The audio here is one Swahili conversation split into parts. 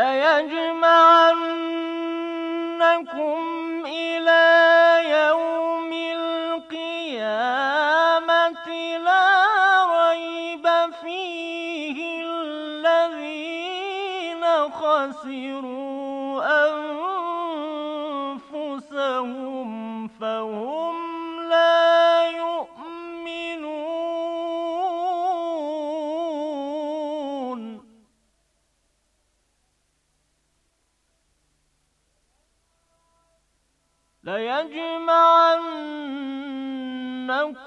ليجمعنكم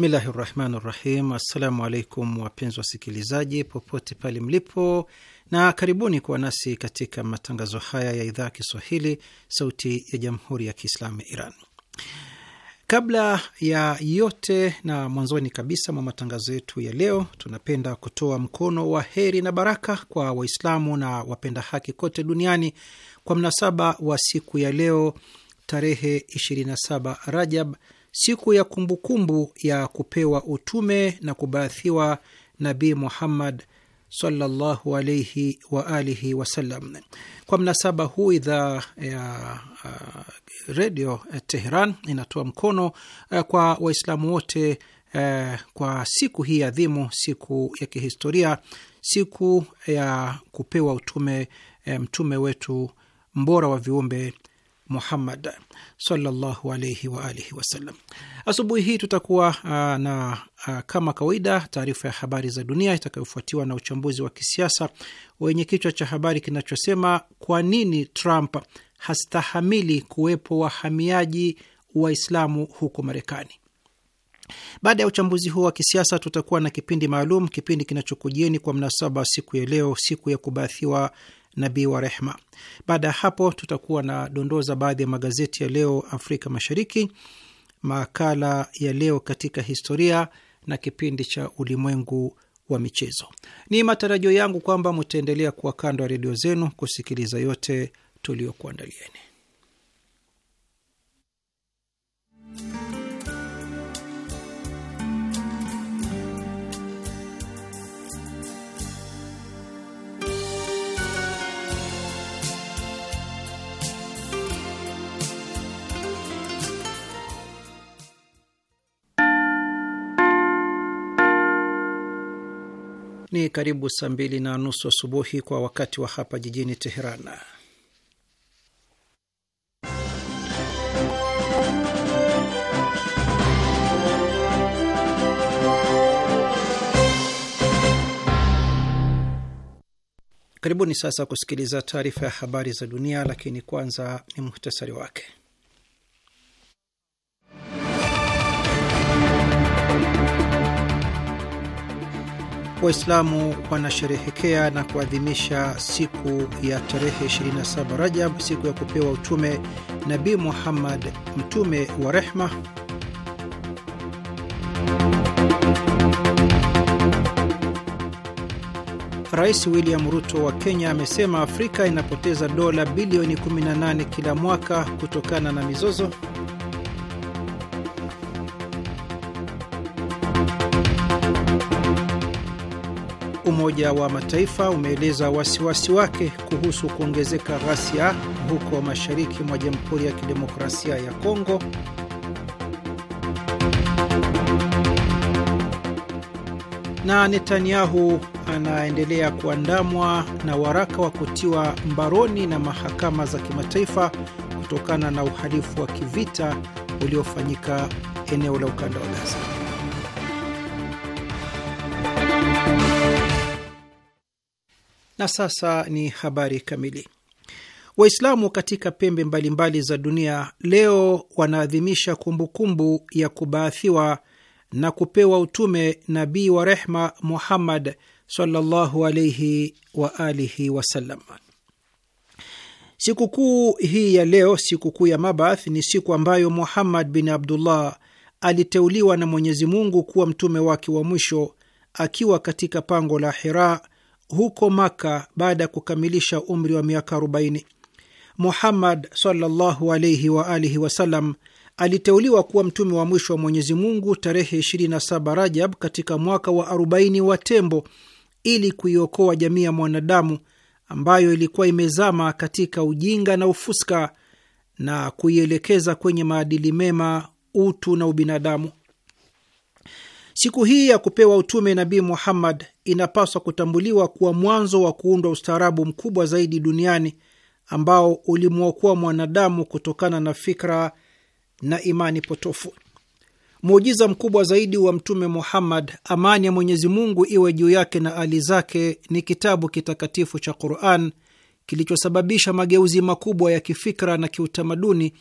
Bismillahi rahmani rahim. Assalamu alaikum wapenzi wasikilizaji popote pale mlipo, na karibuni kuwa nasi katika matangazo haya ya idhaa ya Kiswahili sauti ya jamhuri ya Kiislamu ya Iran. Kabla ya yote na mwanzoni kabisa mwa matangazo yetu ya leo, tunapenda kutoa mkono wa heri na baraka kwa Waislamu na wapenda haki kote duniani kwa mnasaba wa siku ya leo tarehe 27 Rajab siku ya kumbukumbu ya kupewa utume na kubaathiwa Nabii Muhammad sallallahu alaihi wa alihi wasallam. Kwa mnasaba huu, idhaa ya uh, redio Teheran inatoa mkono uh, kwa Waislamu wote uh, kwa siku hii adhimu, siku ya kihistoria, siku ya kupewa utume uh, mtume wetu mbora wa viumbe Muhammad sallallahu alaihi wa alihi wasallam. Asubuhi hii tutakuwa uh, na uh, kama kawaida taarifa ya habari za dunia itakayofuatiwa na uchambuzi wa kisiasa wenye kichwa cha habari kinachosema kwa nini Trump hastahamili kuwepo wahamiaji Waislamu huko Marekani. Baada ya uchambuzi huo wa kisiasa, tutakuwa na kipindi maalum, kipindi kinachokujieni kwa mnasaba siku ya leo, siku ya kubaathiwa nabii wa rehma. Baada ya hapo, tutakuwa na dondoo za baadhi ya magazeti ya leo Afrika Mashariki, makala ya leo katika historia na kipindi cha ulimwengu wa michezo. Ni matarajio yangu kwamba mutaendelea kuwa kando ya redio zenu kusikiliza yote tuliokuandalieni. Ni karibu saa mbili na nusu asubuhi kwa wakati wa hapa jijini Teheran. Karibuni sasa kusikiliza taarifa ya habari za dunia, lakini kwanza ni muhtasari wake. Waislamu wanasherehekea na kuadhimisha siku ya tarehe 27 Rajab, siku ya kupewa utume nabi Muhammad, mtume wa rehma. Rais William Ruto wa Kenya amesema Afrika inapoteza dola bilioni 18 kila mwaka kutokana na mizozo. Umoja wa Mataifa umeeleza wasiwasi wake kuhusu kuongezeka ghasia huko mashariki mwa Jamhuri ya Kidemokrasia ya Kongo. Na Netanyahu anaendelea kuandamwa na waraka wa kutiwa mbaroni na mahakama za kimataifa kutokana na uhalifu wa kivita uliofanyika eneo la ukanda wa Gaza. Na sasa ni habari kamili. Waislamu katika pembe mbalimbali mbali za dunia leo wanaadhimisha kumbukumbu ya kubaathiwa na kupewa utume Nabii wa rehma Muhammad sallallahu alaihi wa alihi wasallam. Sikukuu hii ya leo, sikukuu ya Mabath, ni siku ambayo Muhammad bin Abdullah aliteuliwa na Mwenyezi Mungu kuwa mtume wake wa mwisho akiwa katika pango la Hira huko Maka baada ya kukamilisha umri wa miaka 40. Muhammad sallallahu alayhi wa alihi wasallam aliteuliwa kuwa mtume wa mwisho wa Mwenyezi Mungu tarehe 27 Rajab katika mwaka wa 40 wa Tembo ili kuiokoa jamii ya mwanadamu ambayo ilikuwa imezama katika ujinga na ufuska na kuielekeza kwenye maadili mema, utu na ubinadamu. Siku hii ya kupewa utume Nabii Muhammad inapaswa kutambuliwa kuwa mwanzo wa kuundwa ustaarabu mkubwa zaidi duniani ambao ulimwokoa mwanadamu kutokana na fikra na imani potofu. Muujiza mkubwa zaidi wa Mtume Muhammad, amani ya Mwenyezi Mungu iwe juu yake na ali zake, ni kitabu kitakatifu cha Quran kilichosababisha mageuzi makubwa ya kifikra na kiutamaduni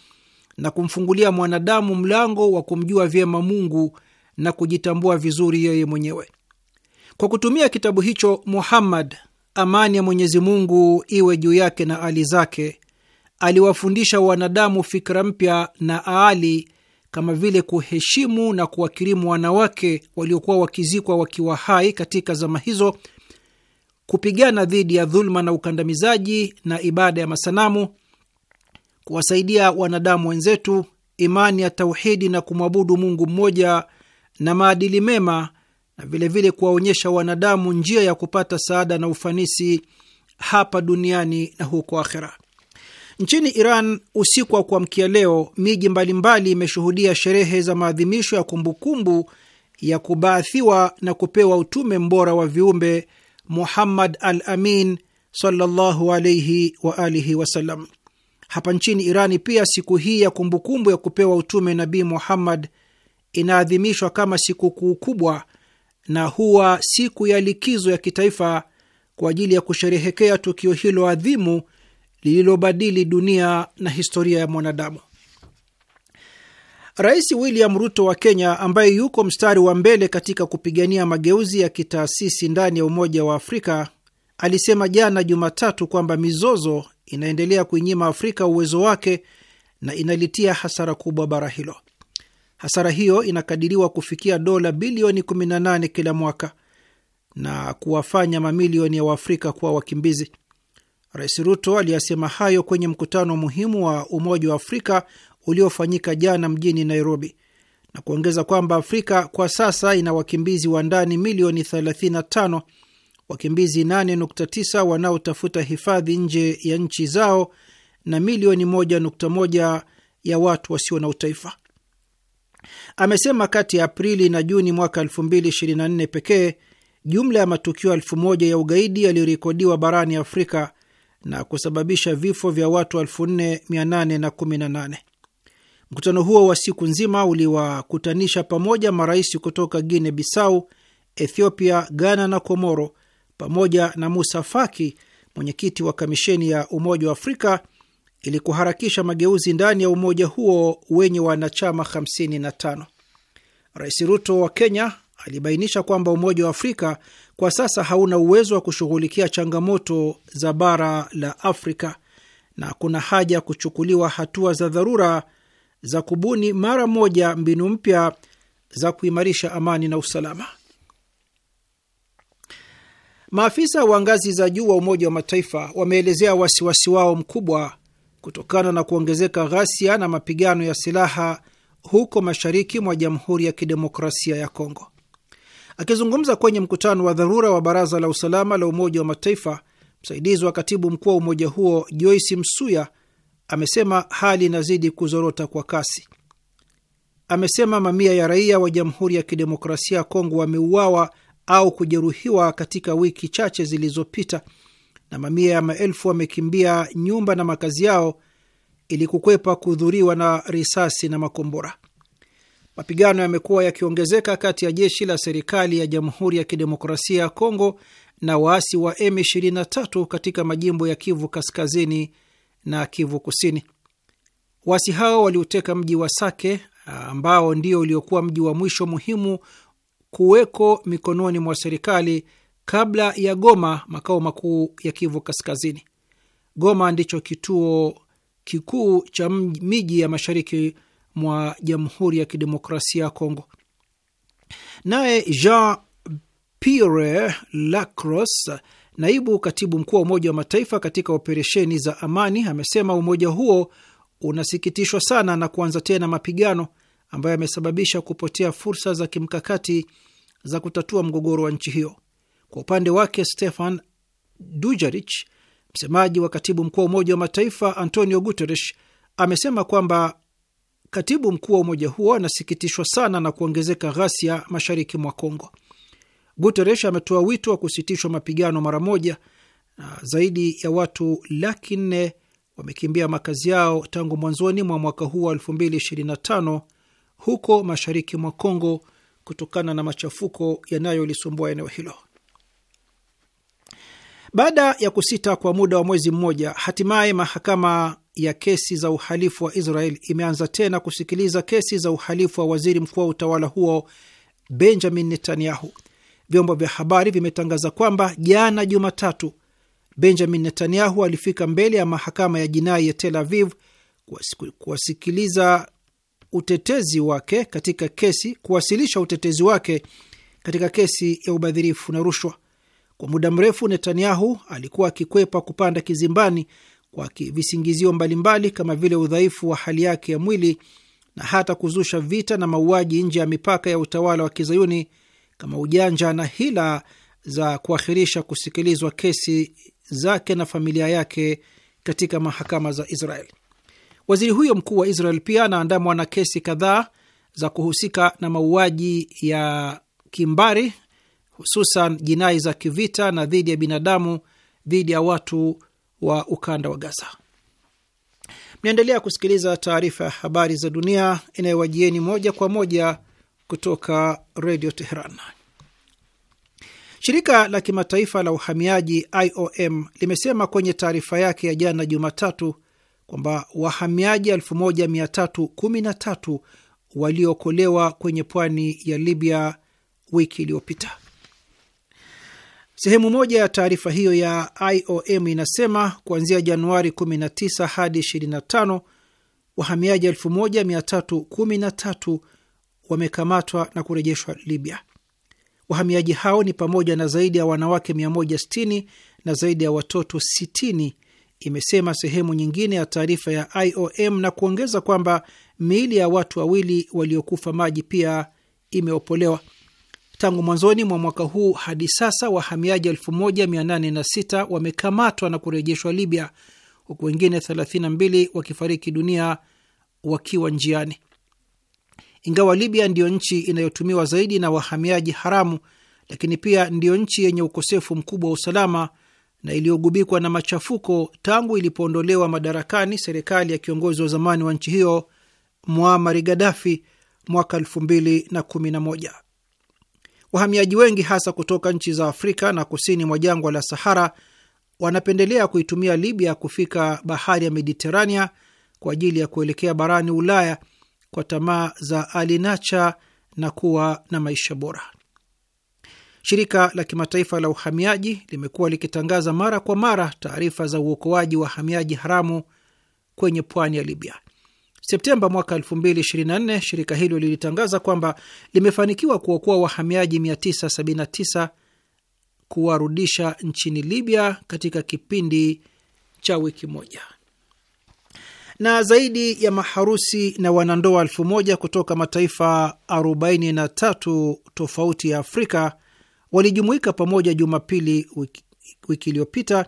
na kumfungulia mwanadamu mlango wa kumjua vyema Mungu na kujitambua vizuri yeye mwenyewe. Kwa kutumia kitabu hicho, Muhammad, amani ya Mwenyezi Mungu iwe juu yake na ali zake, aliwafundisha wanadamu fikra mpya na aali kama vile kuheshimu na kuwakirimu wanawake waliokuwa wakizikwa wakiwa hai katika zama hizo, kupigana dhidi ya dhuluma na ukandamizaji na ibada ya masanamu, kuwasaidia wanadamu wenzetu, imani ya tauhidi na kumwabudu Mungu mmoja na maadili mema na vilevile kuwaonyesha wanadamu njia ya kupata saada na ufanisi hapa duniani na huko akhera. Nchini Iran, usiku wa kuamkia leo, miji mbalimbali imeshuhudia sherehe za maadhimisho ya kumbukumbu ya kubaathiwa na kupewa utume mbora wa viumbe Muhammad al Amin sallallahu alaihi wa alihi wasallam. Hapa nchini Irani pia siku hii ya kumbukumbu ya kupewa utume Nabii Muhammad inaadhimishwa kama sikukuu kubwa na huwa siku ya likizo ya kitaifa kwa ajili ya kusherehekea tukio hilo adhimu lililobadili dunia na historia ya mwanadamu. Rais William Ruto wa Kenya, ambaye yuko mstari wa mbele katika kupigania mageuzi ya kitaasisi ndani ya Umoja wa Afrika, alisema jana Jumatatu kwamba mizozo inaendelea kuinyima Afrika uwezo wake na inalitia hasara kubwa bara hilo. Hasara hiyo inakadiriwa kufikia dola bilioni 18 kila mwaka na kuwafanya mamilioni ya Waafrika kuwa wakimbizi. Rais Ruto aliyasema hayo kwenye mkutano muhimu wa Umoja wa Afrika uliofanyika jana mjini Nairobi, na kuongeza kwamba Afrika kwa sasa ina wakimbizi wa ndani milioni 35, wakimbizi 8.9 wanaotafuta hifadhi nje ya nchi zao na milioni 1.1 ya watu wasio na utaifa. Amesema kati ya Aprili na Juni mwaka 2024 pekee jumla ya matukio elfu moja ya ugaidi yaliyorekodiwa barani Afrika na kusababisha vifo vya watu 4818. Mkutano huo wa siku nzima uliwakutanisha pamoja marais kutoka Guinea Bissau, Ethiopia, Ghana na Komoro pamoja na Musa Faki, mwenyekiti wa kamisheni ya Umoja wa Afrika ili kuharakisha mageuzi ndani ya umoja huo wenye wanachama 55. Rais Ruto wa Kenya alibainisha kwamba Umoja wa Afrika kwa sasa hauna uwezo wa kushughulikia changamoto za bara la Afrika na kuna haja ya kuchukuliwa hatua za dharura za kubuni mara moja mbinu mpya za kuimarisha amani na usalama. Maafisa wa ngazi za juu wa Umoja wa Mataifa wameelezea wasiwasi wao mkubwa kutokana na kuongezeka ghasia na mapigano ya silaha huko mashariki mwa Jamhuri ya Kidemokrasia ya Kongo. Akizungumza kwenye mkutano wa dharura wa Baraza la Usalama la Umoja wa Mataifa, msaidizi wa katibu mkuu wa umoja huo Joyce Msuya amesema hali inazidi kuzorota kwa kasi. Amesema mamia ya raia wa Jamhuri ya Kidemokrasia ya Kongo wameuawa au kujeruhiwa katika wiki chache zilizopita na mamia ya maelfu wamekimbia nyumba na makazi yao ili kukwepa kudhuriwa na risasi na makombora. Mapigano yamekuwa yakiongezeka kati ya jeshi la serikali ya Jamhuri ya Kidemokrasia ya Kongo na waasi wa M23 katika majimbo ya Kivu Kaskazini na Kivu Kusini. Waasi hao waliuteka mji wa Sake ambao ndio uliokuwa mji wa mwisho muhimu kuweko mikononi mwa serikali kabla ya Goma, makao makuu ya Kivu Kaskazini. Goma ndicho kituo kikuu cha miji ya mashariki mwa Jamhuri ya Kidemokrasia ya Kongo. Naye Jean Pierre lacros naibu katibu mkuu wa Umoja wa Mataifa katika operesheni za amani, amesema umoja huo unasikitishwa sana na kuanza tena mapigano ambayo yamesababisha kupotea fursa za kimkakati za kutatua mgogoro wa nchi hiyo. Kwa upande wake, Stefan Dujarric, msemaji wa katibu mkuu wa Umoja wa Mataifa Antonio Guterres, amesema kwamba katibu mkuu wa umoja huo anasikitishwa sana na kuongezeka ghasia mashariki mwa Kongo. Guterres ametoa wito wa kusitishwa mapigano mara moja, na zaidi ya watu laki nne wamekimbia makazi yao tangu mwanzoni mwa mwaka huu wa 2025 huko mashariki mwa Kongo kutokana na machafuko yanayolisumbua eneo hilo. Baada ya kusita kwa muda wa mwezi mmoja, hatimaye mahakama ya kesi za uhalifu wa Israel imeanza tena kusikiliza kesi za uhalifu wa waziri mkuu wa utawala huo Benjamin Netanyahu. Vyombo vya habari vimetangaza kwamba jana Jumatatu, Benjamin Netanyahu alifika mbele ya mahakama ya jinai ya Tel Aviv kuwasikiliza utetezi wake katika kesi kuwasilisha utetezi wake katika kesi ya ubadhirifu na rushwa. Kwa muda mrefu Netanyahu alikuwa akikwepa kupanda kizimbani kwa visingizio mbalimbali kama vile udhaifu wa hali yake ya mwili na hata kuzusha vita na mauaji nje ya mipaka ya utawala wa kizayuni kama ujanja na hila za kuahirisha kusikilizwa kesi zake na familia yake katika mahakama za Israel. Waziri huyo mkuu wa Israel pia anaandamwa na kesi kadhaa za kuhusika na mauaji ya kimbari hususan jinai za kivita na dhidi ya binadamu dhidi ya watu wa ukanda wa Gaza. Mnaendelea kusikiliza taarifa ya habari za dunia inayowajieni moja kwa moja kutoka redio Teheran. Shirika la kimataifa la uhamiaji IOM limesema kwenye taarifa yake ya jana Jumatatu kwamba wahamiaji 1313 waliokolewa kwenye pwani ya Libya wiki iliyopita. Sehemu moja ya taarifa hiyo ya IOM inasema kuanzia Januari 19 hadi 25 wahamiaji 1313 wamekamatwa na kurejeshwa Libya. Wahamiaji hao ni pamoja na zaidi ya wanawake 160 na zaidi ya watoto 60, imesema sehemu nyingine ya taarifa ya IOM na kuongeza kwamba miili ya watu wawili waliokufa maji pia imeopolewa. Tangu mwanzoni mwa mwaka huu hadi sasa wahamiaji 1806 wamekamatwa na kurejeshwa Libya, huku wengine 32 wakifariki dunia wakiwa njiani. Ingawa Libya ndiyo nchi inayotumiwa zaidi na wahamiaji haramu, lakini pia ndiyo nchi yenye ukosefu mkubwa wa usalama na iliyogubikwa na machafuko tangu ilipoondolewa madarakani serikali ya kiongozi wa zamani wa nchi hiyo muamari gadafi mwaka 2011. Wahamiaji wengi hasa kutoka nchi za Afrika na kusini mwa jangwa la Sahara wanapendelea kuitumia Libya kufika bahari ya Mediterania kwa ajili ya kuelekea barani Ulaya kwa tamaa za alinacha na kuwa na maisha bora. Shirika la kimataifa la uhamiaji limekuwa likitangaza mara kwa mara taarifa za uokoaji wa wahamiaji haramu kwenye pwani ya Libya. Septemba mwaka 2024 shirika hilo lilitangaza kwamba limefanikiwa kuokoa wahamiaji 979 kuwarudisha nchini Libya katika kipindi cha wiki moja. Na zaidi ya maharusi na wanandoa elfu moja kutoka mataifa 43 tofauti ya Afrika walijumuika pamoja Jumapili wiki iliyopita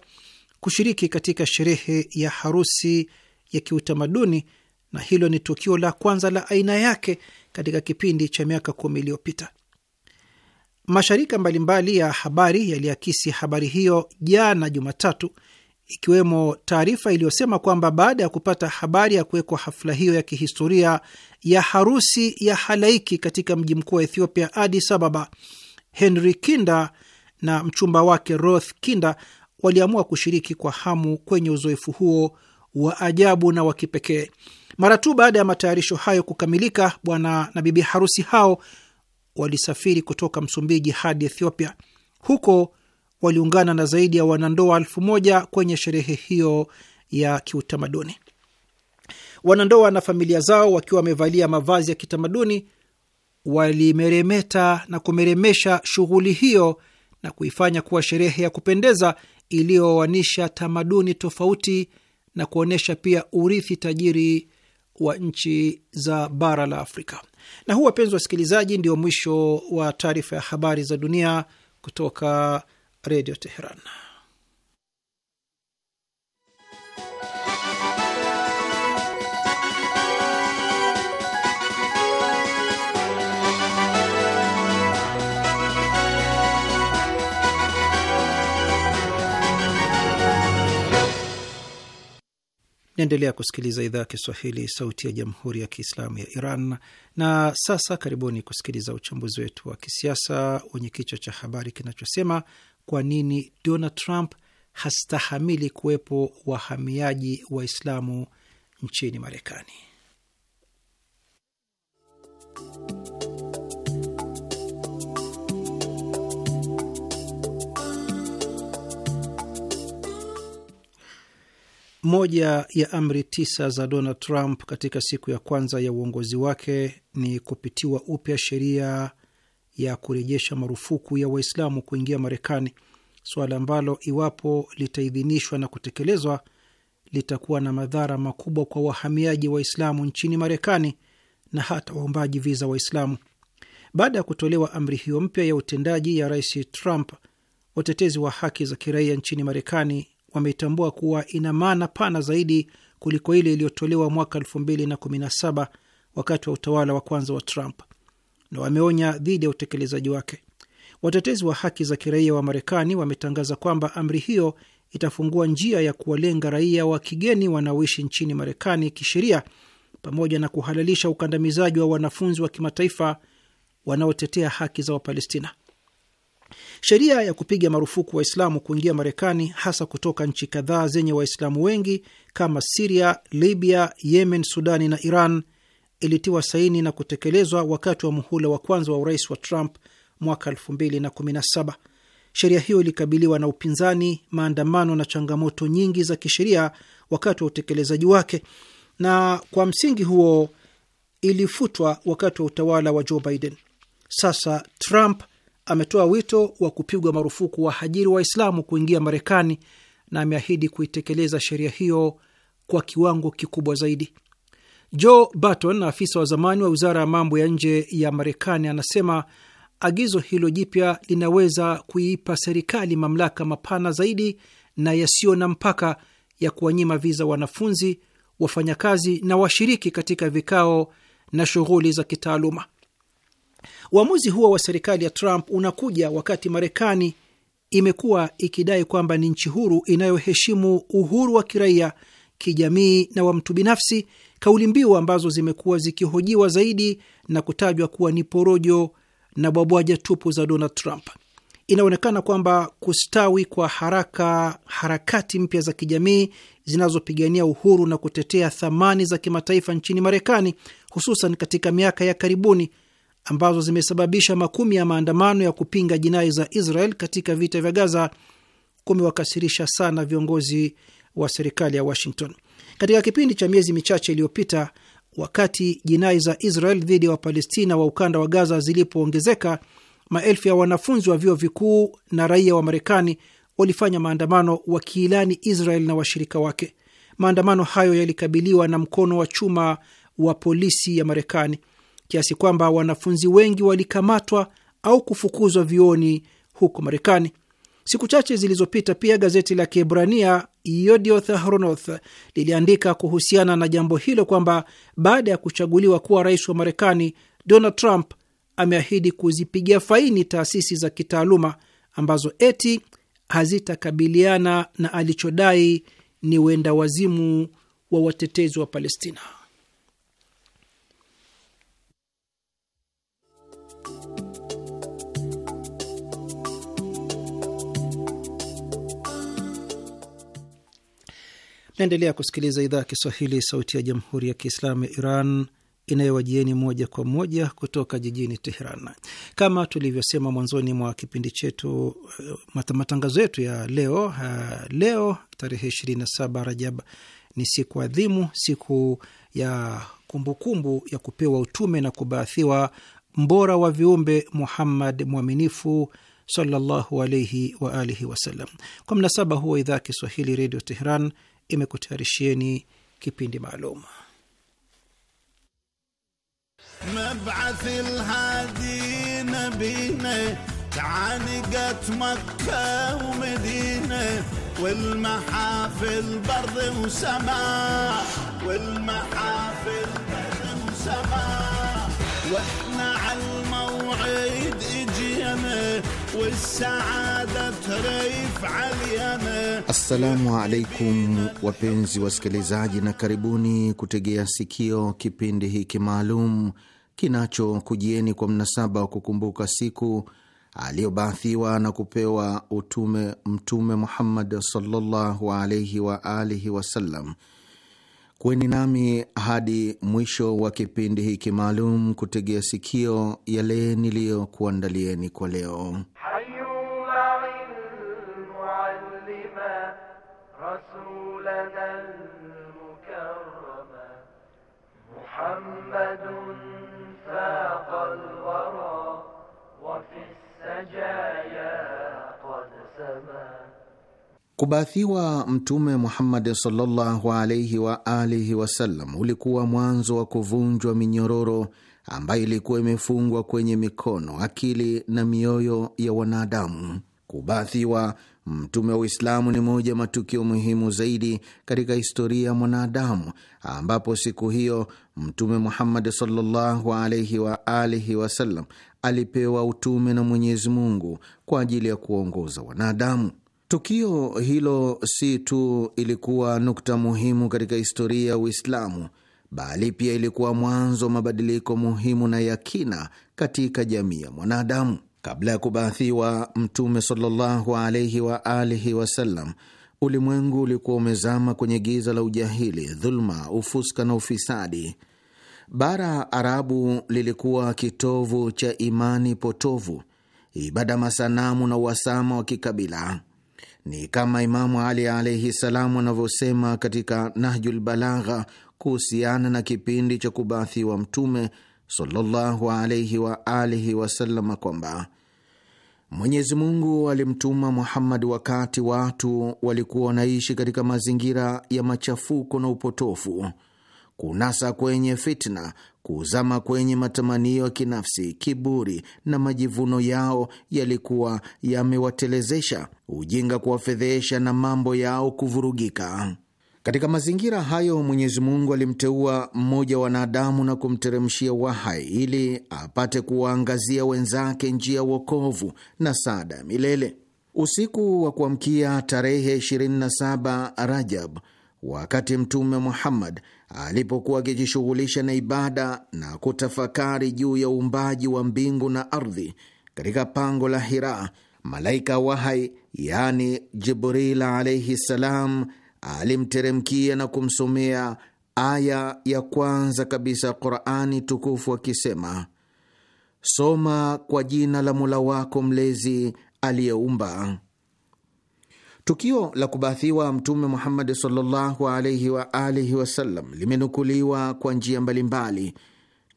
kushiriki katika sherehe ya harusi ya kiutamaduni na hilo ni tukio la kwanza la aina yake katika kipindi cha miaka kumi iliyopita. Mashirika mbalimbali ya habari yaliakisi habari hiyo jana Jumatatu, ikiwemo taarifa iliyosema kwamba baada ya kupata habari ya kuwekwa hafla hiyo ya kihistoria ya harusi ya halaiki katika mji mkuu wa Ethiopia, Addis Ababa, Henry Kinda na mchumba wake Ruth Kinda waliamua kushiriki kwa hamu kwenye uzoefu huo wa ajabu na wa kipekee. Mara tu baada ya matayarisho hayo kukamilika, bwana na bibi harusi hao walisafiri kutoka Msumbiji hadi Ethiopia. Huko waliungana na zaidi ya wanandoa elfu moja kwenye sherehe hiyo ya kiutamaduni. Wanandoa na familia zao wakiwa wamevalia mavazi ya kitamaduni walimeremeta na kumeremesha shughuli hiyo na kuifanya kuwa sherehe ya kupendeza iliyoanisha tamaduni tofauti na kuonyesha pia urithi tajiri wa nchi za bara la Afrika. Na huu, wapenzi wasikilizaji, ndio mwisho wa taarifa ya habari za dunia kutoka Redio Teheran. Naendelea kusikiliza idhaa ya Kiswahili, sauti ya jamhuri ya kiislamu ya Iran. Na sasa karibuni kusikiliza uchambuzi wetu wa kisiasa wenye kichwa cha habari kinachosema kwa nini Donald Trump hastahamili kuwepo wahamiaji Waislamu nchini Marekani. Moja ya amri tisa za Donald Trump katika siku ya kwanza ya uongozi wake ni kupitiwa upya sheria ya kurejesha marufuku ya Waislamu kuingia Marekani, suala ambalo iwapo litaidhinishwa na kutekelezwa litakuwa na madhara makubwa kwa wahamiaji Waislamu nchini Marekani na hata waombaji viza Waislamu. Baada ya kutolewa amri hiyo mpya ya utendaji ya Rais Trump, watetezi wa haki za kiraia nchini Marekani wametambua kuwa ina maana pana zaidi kuliko ile iliyotolewa mwaka 2017 wakati wa utawala wa kwanza wa Trump na wameonya dhidi ya utekelezaji wake. Watetezi wa haki za kiraia wa Marekani wametangaza kwamba amri hiyo itafungua njia ya kuwalenga raia wa kigeni wanaoishi nchini Marekani kisheria, pamoja na kuhalalisha ukandamizaji wa wanafunzi wa kimataifa wanaotetea haki za Wapalestina. Sheria ya kupiga marufuku Waislamu kuingia Marekani, hasa kutoka nchi kadhaa zenye Waislamu wengi kama Siria, Libya, Yemen, Sudani na Iran, ilitiwa saini na kutekelezwa wakati wa muhula wa kwanza wa urais wa Trump mwaka 2017. Sheria hiyo ilikabiliwa na upinzani, maandamano na changamoto nyingi za kisheria wakati wa utekelezaji wake, na kwa msingi huo ilifutwa wakati wa utawala wa Joe Biden. Sasa Trump ametoa wito wa kupigwa marufuku wahajiri Waislamu kuingia Marekani na ameahidi kuitekeleza sheria hiyo kwa kiwango kikubwa zaidi. Joe Barton, afisa wa zamani wa wizara ya mambo ya nje ya Marekani, anasema agizo hilo jipya linaweza kuipa serikali mamlaka mapana zaidi na yasiyo na mpaka ya kuwanyima viza wanafunzi, wafanyakazi na washiriki katika vikao na shughuli za kitaaluma. Uamuzi huo wa serikali ya Trump unakuja wakati Marekani imekuwa ikidai kwamba ni nchi huru inayoheshimu uhuru wa kiraia, kijamii na wa mtu binafsi, kauli mbiu ambazo zimekuwa zikihojiwa zaidi na kutajwa kuwa ni porojo na bwabwaja tupu za Donald Trump. Inaonekana kwamba kustawi kwa haraka harakati mpya za kijamii zinazopigania uhuru na kutetea thamani za kimataifa nchini Marekani, hususan katika miaka ya karibuni ambazo zimesababisha makumi ya maandamano ya kupinga jinai za Israel katika vita vya Gaza kumewakasirisha sana viongozi wa serikali ya Washington. Katika kipindi cha miezi michache iliyopita, wakati jinai za Israel dhidi ya Wapalestina wa ukanda wa Gaza zilipoongezeka, maelfu ya wanafunzi wa vyuo vikuu na raia wa Marekani walifanya maandamano wakiilani Israel na washirika wake. Maandamano hayo yalikabiliwa na mkono wa chuma wa polisi ya Marekani kiasi kwamba wanafunzi wengi walikamatwa au kufukuzwa vioni huko Marekani. Siku chache zilizopita pia gazeti la Kiebrania Yedioth Ahronoth liliandika kuhusiana na jambo hilo kwamba baada ya kuchaguliwa kuwa rais wa Marekani, Donald Trump ameahidi kuzipigia faini taasisi za kitaaluma ambazo eti hazitakabiliana na alichodai ni wenda wazimu wa watetezi wa Palestina. Naendelea kusikiliza idhaa ya Kiswahili, sauti ya jamhuri ya kiislamu ya Iran inayowajieni moja kwa moja kutoka jijini Teheran. Kama tulivyosema mwanzoni mwa kipindi chetu, eh, matangazo yetu ya leo uh, leo tarehe 27 Rajab ni siku adhimu, siku ya kumbukumbu kumbu ya kupewa utume na kubaathiwa mbora wa viumbe Muhammad mwaminifu sallallahu alaihi wa alihi wasallam. Kwa mnasaba huo, idhaa ya Kiswahili Redio Teheran imekutayarishieni kipindi maalum واحنا على الموعد اجينا والسعادة تريف علينا. Assalamu عليكم wapenzi wasikilizaji, na karibuni kutegea sikio kipindi hiki maalum kinachokujieni kwa mnasaba wa kukumbuka siku aliyobaathiwa na kupewa utume Mtume Muhammad sallallahu alaihi wa alihi wasallam Kweni nami hadi mwisho wa kipindi hiki maalum kutegea sikio yale niliyokuandalieni kwa leo Hayo. Kubaathiwa Mtume Muhammad sallallahu alaihi wa alihi wasallam ulikuwa mwanzo wa kuvunjwa minyororo ambayo ilikuwa imefungwa kwenye mikono, akili na mioyo ya wanadamu. Kubathiwa mtume wa Uislamu ni moja matukio muhimu zaidi katika historia ya mwanadamu, ambapo siku hiyo Mtume Muhammad sallallahu alaihi wa alihi wasallam alipewa utume na Mwenyezi Mungu kwa ajili ya kuongoza wanadamu. Tukio hilo si tu ilikuwa nukta muhimu katika historia ya Uislamu, bali pia ilikuwa mwanzo wa mabadiliko muhimu na ya kina katika jamii ya mwanadamu. Kabla ya kubaathiwa Mtume sallallahu alaihi wa alihi wasallam, ulimwengu ulikuwa umezama kwenye giza la ujahili, dhuluma, ufuska na ufisadi. Bara Arabu lilikuwa kitovu cha imani potovu, ibada masanamu na uhasama wa kikabila. Ni kama Imamu Ali alaihi salamu anavyosema katika Nahjul Balagha kuhusiana na kipindi cha kubathiwa Mtume sallallahu alaihi wa alihi wasallam kwamba Mwenyezi Mungu alimtuma Muhammad wakati watu walikuwa wanaishi katika mazingira ya machafuko na upotofu kunasa kwenye fitna, kuzama kwenye matamanio ya kinafsi, kiburi na majivuno yao yalikuwa yamewatelezesha, ujinga kuwafedhesha na mambo yao kuvurugika. Katika mazingira hayo Mwenyezi Mungu alimteua mmoja wa wanadamu na kumteremshia wahai ili apate kuwaangazia wenzake njia ya wokovu na saada ya milele. Usiku wa kuamkia tarehe 27 Rajab Wakati Mtume Muhammad alipokuwa akijishughulisha na ibada na kutafakari juu ya uumbaji wa mbingu na ardhi katika pango la Hira, malaika wahai, yani Jibril alaihi salam, alimteremkia na kumsomea aya ya kwanza kabisa Qurani tukufu akisema, soma kwa jina la Mola wako mlezi aliyeumba Tukio la kubathiwa Mtume Muhammad sallallahu alaihi wa alihi wasallam limenukuliwa kwa njia mbalimbali.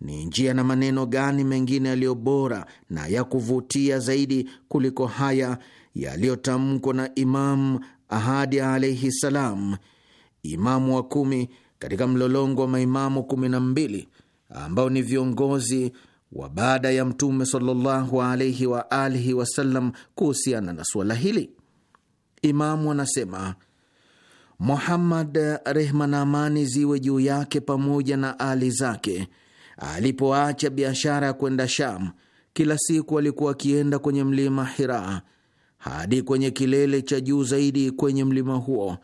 Ni njia na maneno gani mengine yaliyo bora na ya kuvutia zaidi kuliko haya yaliyotamkwa na Imamu Ahadi alaihi salam, imamu wa kumi katika mlolongo wa maimamu kumi na mbili ambao ni viongozi wa baada ya Mtume sallallahu alaihi wa alihi wasallam kuhusiana na suala hili? Imamu anasema Muhammad, rehma na amani ziwe juu yake pamoja na ali zake, alipoacha biashara ya kwenda Sham, kila siku alikuwa akienda kwenye mlima Hira hadi kwenye kilele cha juu zaidi kwenye mlima huo,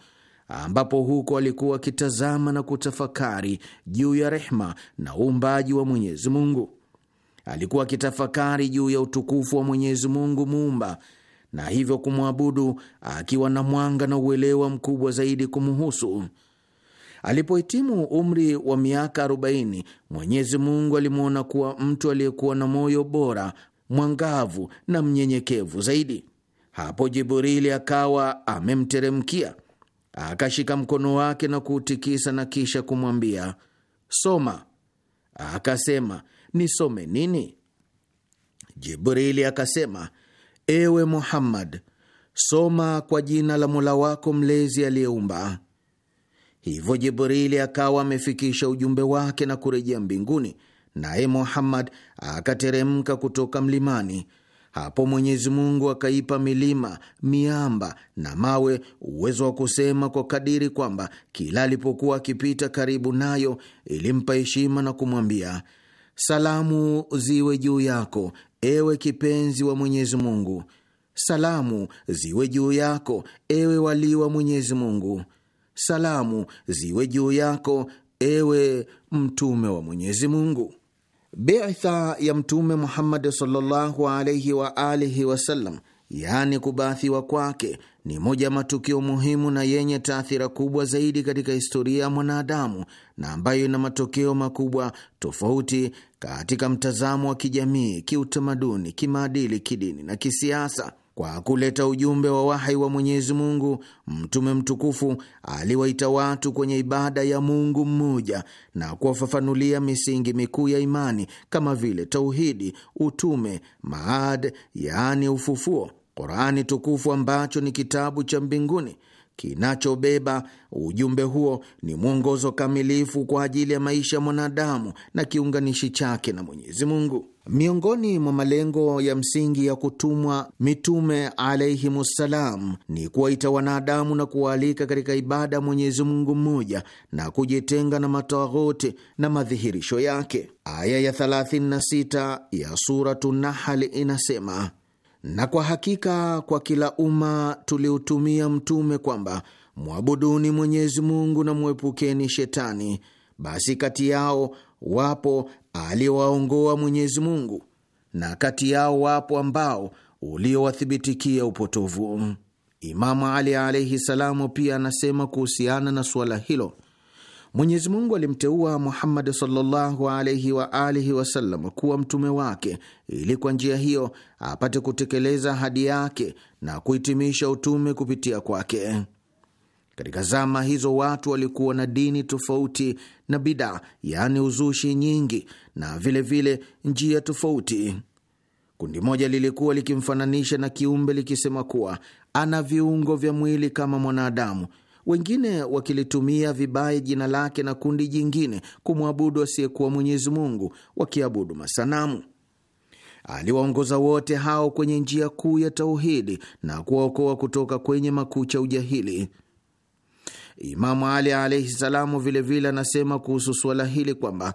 ambapo huko alikuwa akitazama na kutafakari juu ya rehma na uumbaji wa Mwenyezi Mungu. Alikuwa akitafakari juu ya utukufu wa Mwenyezi Mungu muumba na hivyo kumwabudu akiwa na mwanga na uelewa mkubwa zaidi kumuhusu. Alipohitimu umri wa miaka 40, Mwenyezi Mungu alimwona kuwa mtu aliyekuwa na moyo bora, mwangavu na mnyenyekevu zaidi. Hapo Jiburili akawa amemteremkia, akashika mkono wake na kuutikisa na kisha kumwambia soma. Akasema, nisome nini? Jibrili akasema Ewe Muhammad, soma kwa jina la Mola wako mlezi aliyeumba. Hivyo Jibrili akawa amefikisha ujumbe wake na kurejea mbinguni, naye Muhammad akateremka kutoka mlimani. Hapo Mwenyezi Mungu akaipa milima, miamba na mawe uwezo wa kusema kwa kadiri kwamba kila alipokuwa akipita karibu nayo ilimpa heshima na kumwambia, salamu ziwe juu yako, ewe kipenzi wa Mwenyezi Mungu. Salamu ziwe juu yako, ewe wali wa Mwenyezi Mungu. Salamu ziwe juu yako, ewe mtume wa Mwenyezi Mungu. Bitha ya Mtume Muhammad sallallahu alaihi wa alihi wasallam, yaani kubaathiwa kwake ni moja ya matukio muhimu na yenye taathira kubwa zaidi katika historia ya mwanadamu na ambayo ina matokeo makubwa tofauti katika mtazamo wa kijamii, kiutamaduni, kimaadili, kidini na kisiasa. Kwa kuleta ujumbe wa wahai wa Mwenyezi Mungu, Mtume mtukufu aliwaita watu kwenye ibada ya Mungu mmoja na kuwafafanulia misingi mikuu ya imani kama vile tauhidi, utume, maad, yaani ufufuo Qurani tukufu ambacho ni kitabu cha mbinguni kinachobeba ujumbe huo ni mwongozo kamilifu kwa ajili ya maisha ya mwanadamu na kiunganishi chake na Mwenyezi Mungu. Miongoni mwa malengo ya msingi ya kutumwa mitume alaihimussalam ni kuwaita wanadamu na kuwaalika katika ibada ya Mwenyezi Mungu mmoja na kujitenga na mataghuti na madhihirisho yake. Aya ya 36 ya Suratu inasema na kwa hakika kwa kila umma tuliutumia mtume kwamba mwabuduni Mwenyezi Mungu na mwepukeni shetani. Basi kati yao wapo aliowaongoa Mwenyezi Mungu, na kati yao wapo ambao uliowathibitikia upotovu. Imamu Ali alaihi salamu pia anasema kuhusiana na suala hilo Mwenyezi Mungu alimteua Muhammad sallallahu alaihi wa alihi wasallam kuwa mtume wake ili kwa njia hiyo apate kutekeleza hadi yake na kuhitimisha utume kupitia kwake. Katika zama hizo watu walikuwa na dini tofauti na bidaa, yaani uzushi nyingi, na vilevile vile njia tofauti. Kundi moja lilikuwa likimfananisha na kiumbe likisema kuwa ana viungo vya mwili kama mwanadamu wengine wakilitumia vibaya jina lake na kundi jingine kumwabudu asiyekuwa Mwenyezi Mungu, wakiabudu masanamu. Aliwaongoza wote hao kwenye njia kuu ya tauhidi na kuwaokoa kutoka kwenye makucha ujahili. Imamu Ali alaihi salamu vilevile anasema kuhusu suala hili kwamba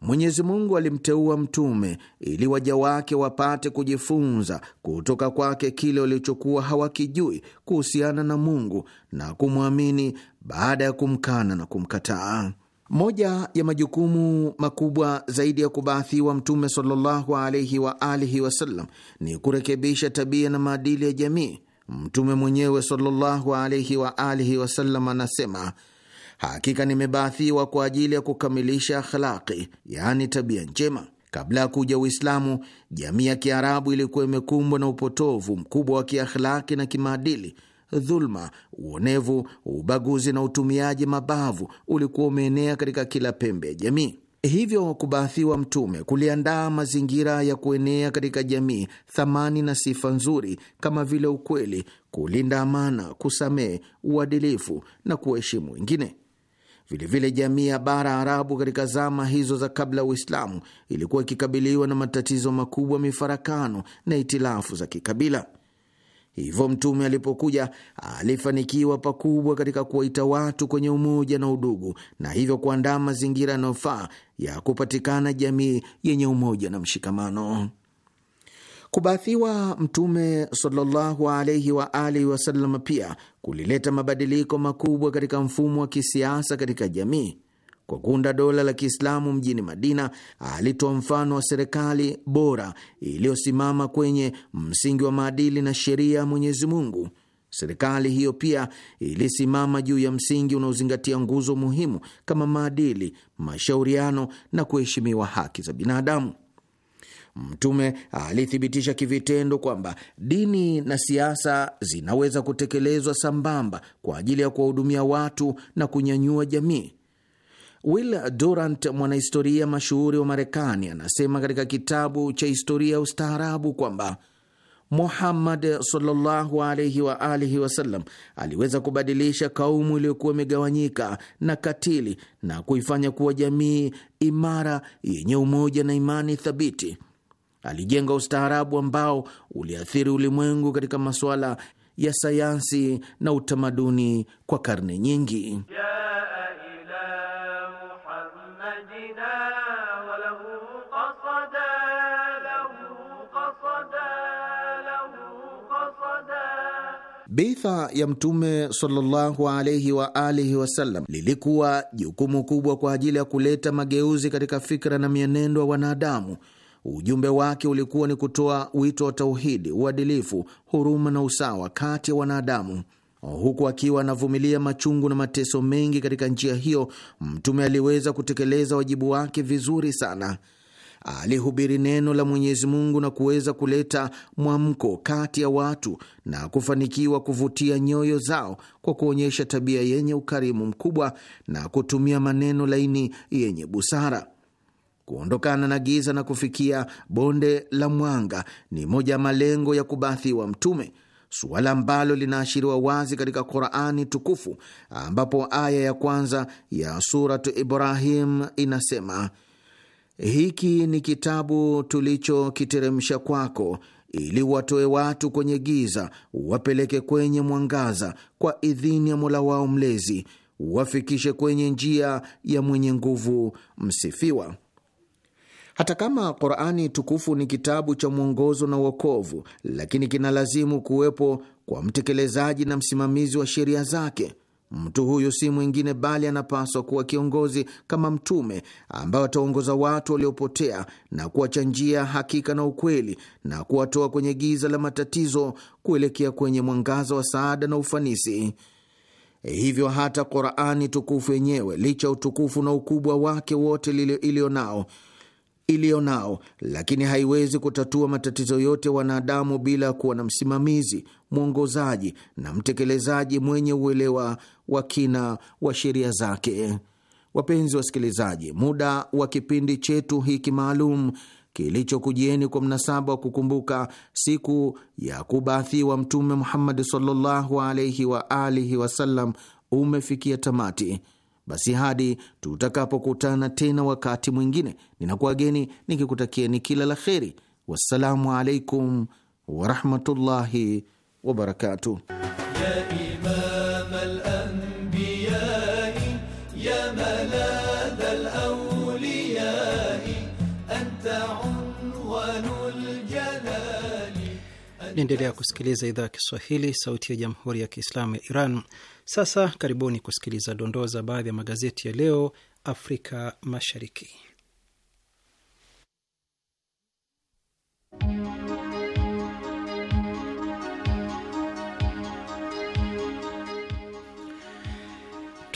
Mwenyezi Mungu alimteua mtume ili waja wake wapate kujifunza kutoka kwake kile walichokuwa hawakijui kuhusiana na Mungu na kumwamini baada ya kumkana na kumkataa. Moja ya majukumu makubwa zaidi ya kubaathiwa mtume sallallahu alaihi wa alihi wasallam ni kurekebisha tabia na maadili ya jamii. Mtume mwenyewe sallallahu alaihi wa alihi wasallam anasema: Hakika nimebaathiwa kwa ajili ya kukamilisha akhlaqi, yaani tabia njema. Kabla ya kuja Uislamu, jamii ya Kiarabu ilikuwa imekumbwa na upotovu mkubwa wa kiakhlaki na kimaadili. Dhulma, uonevu, ubaguzi na utumiaji mabavu ulikuwa umeenea katika kila pembe ya jamii. Hivyo kubaathiwa Mtume kuliandaa mazingira ya kuenea katika jamii thamani na sifa nzuri kama vile ukweli, kulinda amana, kusamehe, uadilifu na kuheshimu wengine. Vilevile jamii ya bara Arabu katika zama hizo za kabla ya Uislamu ilikuwa ikikabiliwa na matatizo makubwa, mifarakano na itilafu za kikabila. Hivyo Mtume alipokuja alifanikiwa pakubwa katika kuwaita watu kwenye umoja na udugu, na hivyo kuandaa mazingira yanayofaa ya kupatikana jamii yenye umoja na mshikamano. Kubaathiwa Mtume sallallahu alaihi wa alihi wasallam pia kulileta mabadiliko makubwa katika mfumo wa kisiasa katika jamii. Kwa kuunda dola la Kiislamu mjini Madina, alitoa mfano wa serikali bora iliyosimama kwenye msingi wa maadili na sheria ya Mwenyezi Mungu. Serikali hiyo pia ilisimama juu ya msingi unaozingatia nguzo muhimu kama maadili, mashauriano na kuheshimiwa haki za binadamu. Mtume alithibitisha kivitendo kwamba dini na siasa zinaweza kutekelezwa sambamba kwa ajili ya kuwahudumia watu na kunyanyua jamii. Will Durant, mwanahistoria mashuhuri wa Marekani, anasema katika kitabu cha historia ya ustaarabu kwamba Muhammad sallallahu alaihi wa alihi wasallam aliweza kubadilisha kaumu iliyokuwa imegawanyika na katili na kuifanya kuwa jamii imara yenye umoja na imani thabiti. Alijenga ustaarabu ambao uliathiri ulimwengu katika masuala ya sayansi na utamaduni kwa karne nyingi. Bitha ya Mtume sallallahu alaihi wa alihi wasallam lilikuwa jukumu kubwa kwa ajili ya kuleta mageuzi katika fikra na mienendo ya wanadamu Ujumbe wake ulikuwa ni kutoa wito wa tauhidi, uadilifu, huruma na usawa kati ya wanadamu. Huku akiwa anavumilia machungu na mateso mengi katika njia hiyo, Mtume aliweza kutekeleza wajibu wake vizuri sana. Alihubiri neno la Mwenyezi Mungu na kuweza kuleta mwamko kati ya watu na kufanikiwa kuvutia nyoyo zao kwa kuonyesha tabia yenye ukarimu mkubwa na kutumia maneno laini yenye busara. Kuondokana na giza na kufikia bonde la mwanga ni moja ya malengo ya kubathiwa Mtume, suala ambalo linaashiriwa wazi katika Qurani Tukufu, ambapo aya ya kwanza ya Suratu Ibrahim inasema hiki ni kitabu tulichokiteremsha kwako ili watoe watu kwenye giza wapeleke kwenye mwangaza kwa idhini ya Mola wao Mlezi, wafikishe kwenye njia ya mwenye nguvu msifiwa. Hata kama Qurani tukufu ni kitabu cha mwongozo na uokovu, lakini kinalazimu kuwepo kwa mtekelezaji na msimamizi wa sheria zake. Mtu huyu si mwingine bali anapaswa kuwa kiongozi kama mtume ambaye ataongoza watu waliopotea na kuacha njia hakika na ukweli na kuwatoa kwenye giza la matatizo kuelekea kwenye mwangaza wa saada na ufanisi. Hivyo hata Qurani tukufu yenyewe licha utukufu na ukubwa wake wote iliyo nao iliyo nao, lakini haiwezi kutatua matatizo yote wanadamu bila kuwa na msimamizi, mwongozaji na mtekelezaji mwenye uelewa wa kina wa sheria zake. Wapenzi wasikilizaji, muda wa kipindi chetu hiki maalum kilichokujieni kwa mnasaba wa kukumbuka siku ya kubaathiwa Mtume Muhammadi sallallahu alaihi wa alihi wasallam umefikia tamati. Basi hadi tutakapokutana tena wakati mwingine, ninakuageni nikikutakieni kila la kheri. Wassalamu alaikum warahmatullahi wabarakatuh. Naendelea kusikiliza idhaa ya Kiswahili, sauti ya jamhuri ya kiislamu ya Iran. Sasa karibuni kusikiliza dondoo za baadhi ya magazeti ya leo Afrika Mashariki.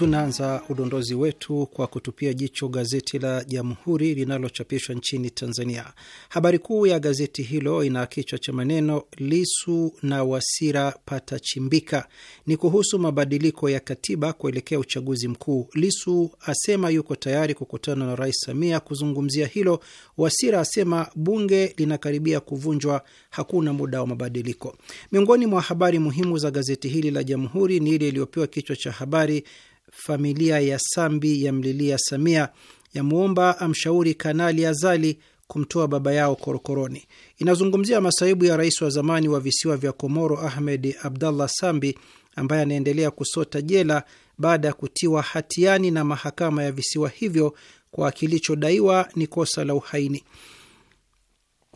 Tunaanza udondozi wetu kwa kutupia jicho gazeti la Jamhuri linalochapishwa nchini Tanzania. Habari kuu ya gazeti hilo ina kichwa cha maneno Lisu na Wasira patachimbika. Ni kuhusu mabadiliko ya katiba kuelekea uchaguzi mkuu. Lisu asema yuko tayari kukutana na Rais Samia kuzungumzia hilo. Wasira asema bunge linakaribia kuvunjwa, hakuna muda wa mabadiliko. Miongoni mwa habari muhimu za gazeti hili la Jamhuri ni ile iliyopewa kichwa cha habari familia ya Sambi ya mlilia Samia, yamwomba amshauri Kanali Azali kumtoa baba yao korokoroni. Inazungumzia masaibu ya rais wa zamani wa visiwa vya Komoro Ahmed Abdallah Sambi ambaye anaendelea kusota jela baada ya kutiwa hatiani na mahakama ya visiwa hivyo kwa kilichodaiwa ni kosa la uhaini.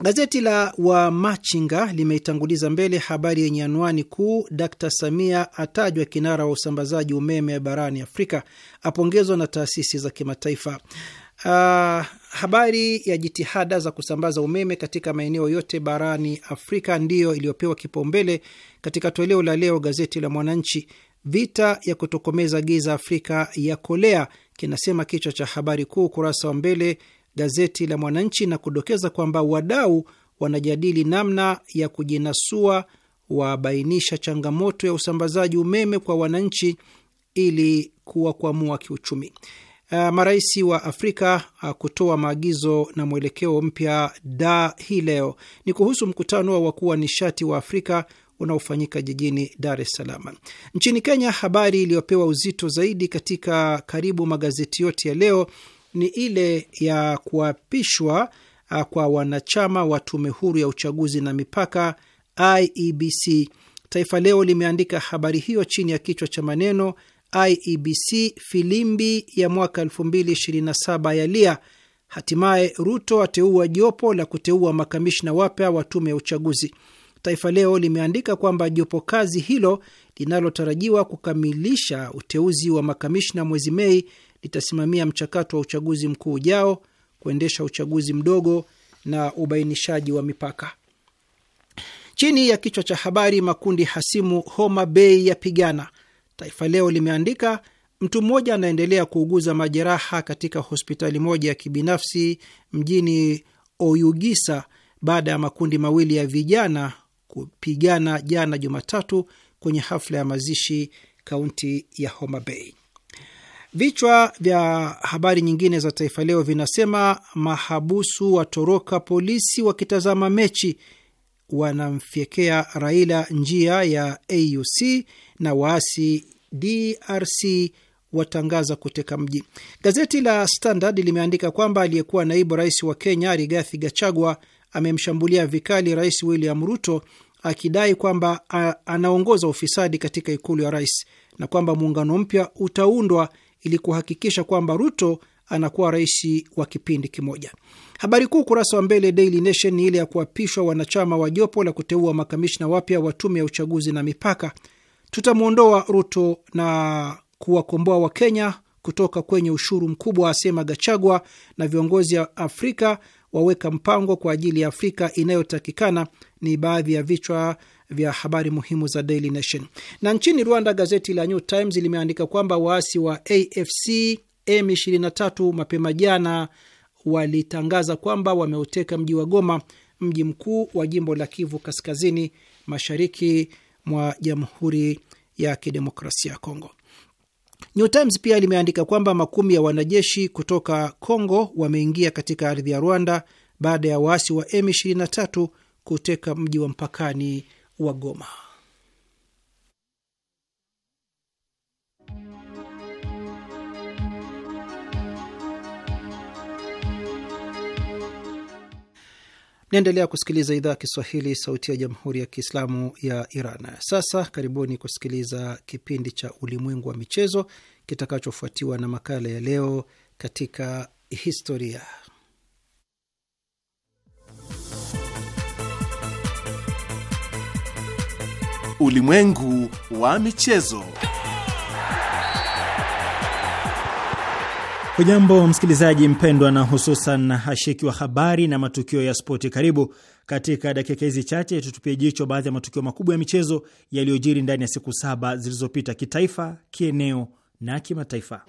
Gazeti la Wamachinga limeitanguliza mbele habari yenye anwani kuu, Dkt Samia atajwa kinara wa usambazaji umeme barani Afrika, apongezwa na taasisi za kimataifa. Uh, habari ya jitihada za kusambaza umeme katika maeneo yote barani Afrika ndiyo iliyopewa kipaumbele katika toleo la leo gazeti la Mwananchi. Vita ya kutokomeza giza Afrika ya kolea, kinasema kichwa cha habari kuu ukurasa wa mbele gazeti la Mwananchi na kudokeza kwamba wadau wanajadili namna ya kujinasua, wabainisha changamoto ya usambazaji umeme kwa wananchi ili kuwakwamua kiuchumi. Uh, marais wa Afrika uh, kutoa maagizo na mwelekeo mpya da hii leo ni kuhusu mkutano wa wakuu wa nishati wa Afrika unaofanyika jijini Dar es Salaam. Nchini Kenya, habari iliyopewa uzito zaidi katika karibu magazeti yote ya leo ni ile ya kuapishwa uh, kwa wanachama wa tume huru ya uchaguzi na mipaka IEBC. Taifa Leo limeandika habari hiyo chini ya kichwa cha maneno IEBC filimbi ya mwaka 2027 lia hatimaye Ruto ateua jopo la kuteua makamishna wapya wa tume ya uchaguzi. Taifa Leo limeandika kwamba jopo kazi hilo linalotarajiwa kukamilisha uteuzi wa makamishna mwezi Mei itasimamia mchakato wa uchaguzi mkuu ujao, kuendesha uchaguzi mdogo na ubainishaji wa mipaka. Chini ya kichwa cha habari makundi hasimu Homa Bay yapigana, Taifa Leo limeandika mtu mmoja anaendelea kuuguza majeraha katika hospitali moja ya kibinafsi mjini Oyugisa baada ya makundi mawili ya vijana kupigana jana Jumatatu kwenye hafla ya mazishi kaunti ya Homa Bay. Vichwa vya habari nyingine za Taifa Leo vinasema mahabusu watoroka polisi wakitazama mechi, wanamfyekea Raila njia ya AUC na waasi DRC watangaza kuteka mji. Gazeti la Standard limeandika kwamba aliyekuwa naibu rais wa Kenya Rigathi Gachagua amemshambulia vikali Rais William Ruto akidai kwamba anaongoza ufisadi katika ikulu ya rais na kwamba muungano mpya utaundwa ili kuhakikisha kwamba Ruto anakuwa rais wa kipindi kimoja. Habari kuu ukurasa wa mbele Daily Nation ni ile ya kuapishwa wanachama wa jopo la kuteua makamishna wapya wa tume ya uchaguzi na mipaka. Tutamwondoa Ruto na kuwakomboa Wakenya kutoka kwenye ushuru mkubwa, asema Gachagua, na viongozi wa Afrika waweka mpango kwa ajili ya Afrika inayotakikana, ni baadhi ya vichwa vya habari muhimu za Daily Nation. Na nchini Rwanda, gazeti la New Times limeandika kwamba waasi wa AFC M23 mapema jana walitangaza kwamba wameuteka mji wa Goma, mji mkuu wa jimbo la Kivu Kaskazini, mashariki mwa Jamhuri ya Kidemokrasia ya Kongo. New Times pia limeandika kwamba makumi ya wanajeshi kutoka Kongo wameingia katika ardhi ya Rwanda baada ya waasi wa M23 kuteka mji wa mpakani wa Goma. Naendelea kusikiliza idhaa ya Kiswahili, sauti ya jamhuri ya kiislamu ya Iran. Sasa karibuni kusikiliza kipindi cha ulimwengu wa michezo kitakachofuatiwa na makala ya leo katika historia. Ulimwengu wa michezo. Hujambo msikilizaji mpendwa, na hususan ashiki wa habari na matukio ya spoti. Karibu katika dakika hizi chache tutupie jicho baadhi ya matukio makubwa ya michezo yaliyojiri ndani ya siku saba zilizopita, kitaifa, kieneo na kimataifa.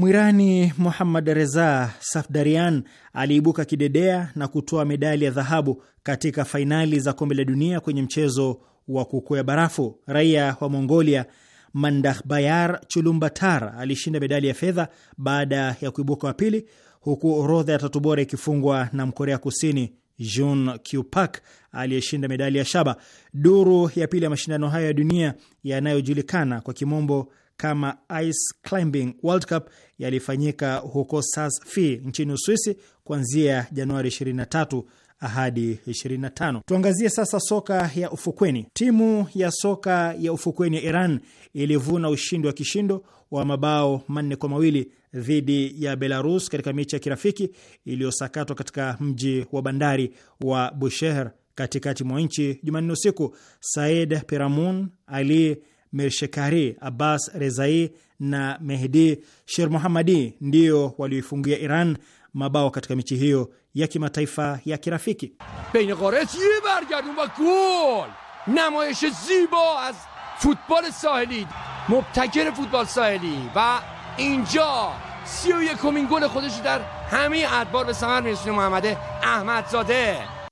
Mwirani Muhammad Reza Safdarian aliibuka kidedea na kutoa medali ya dhahabu katika fainali za kombe la dunia kwenye mchezo wa kukwea barafu. Raia wa Mongolia Mandakhbayar Chulumbatar alishinda medali ya fedha baada ya kuibuka wa pili, huku orodha ya tatu bora ikifungwa na Mkorea Kusini Jun Kupak aliyeshinda medali ya shaba. Duru ya pili ya mashindano hayo ya dunia yanayojulikana kwa kimombo kama Ice Climbing World Cup yalifanyika huko saas nchini Uswisi kuanzia Januari 23 hadi 25. Tuangazie sasa soka ya ufukweni. Timu ya soka ya ufukweni ya Iran ilivuna ushindi wa kishindo wa mabao manne kwa mawili dhidi ya Belarus katika mechi ya kirafiki iliyosakatwa katika mji wa bandari wa Bushehr katikati mwa nchi Jumanne usiku. Said Piramun Ali Mirshekari, Abbas Rezai na Mehdi Sher Muhammadi ndio walioifungia Iran mabao katika michi hiyo ya kimataifa ya kirafiki. bein qares ye bargardun va gol namayish zibo az futbal saheli mubtaker futbal saheli va inja 31 و یکمین گل خودش در همه ادوار به ثمر میرسونه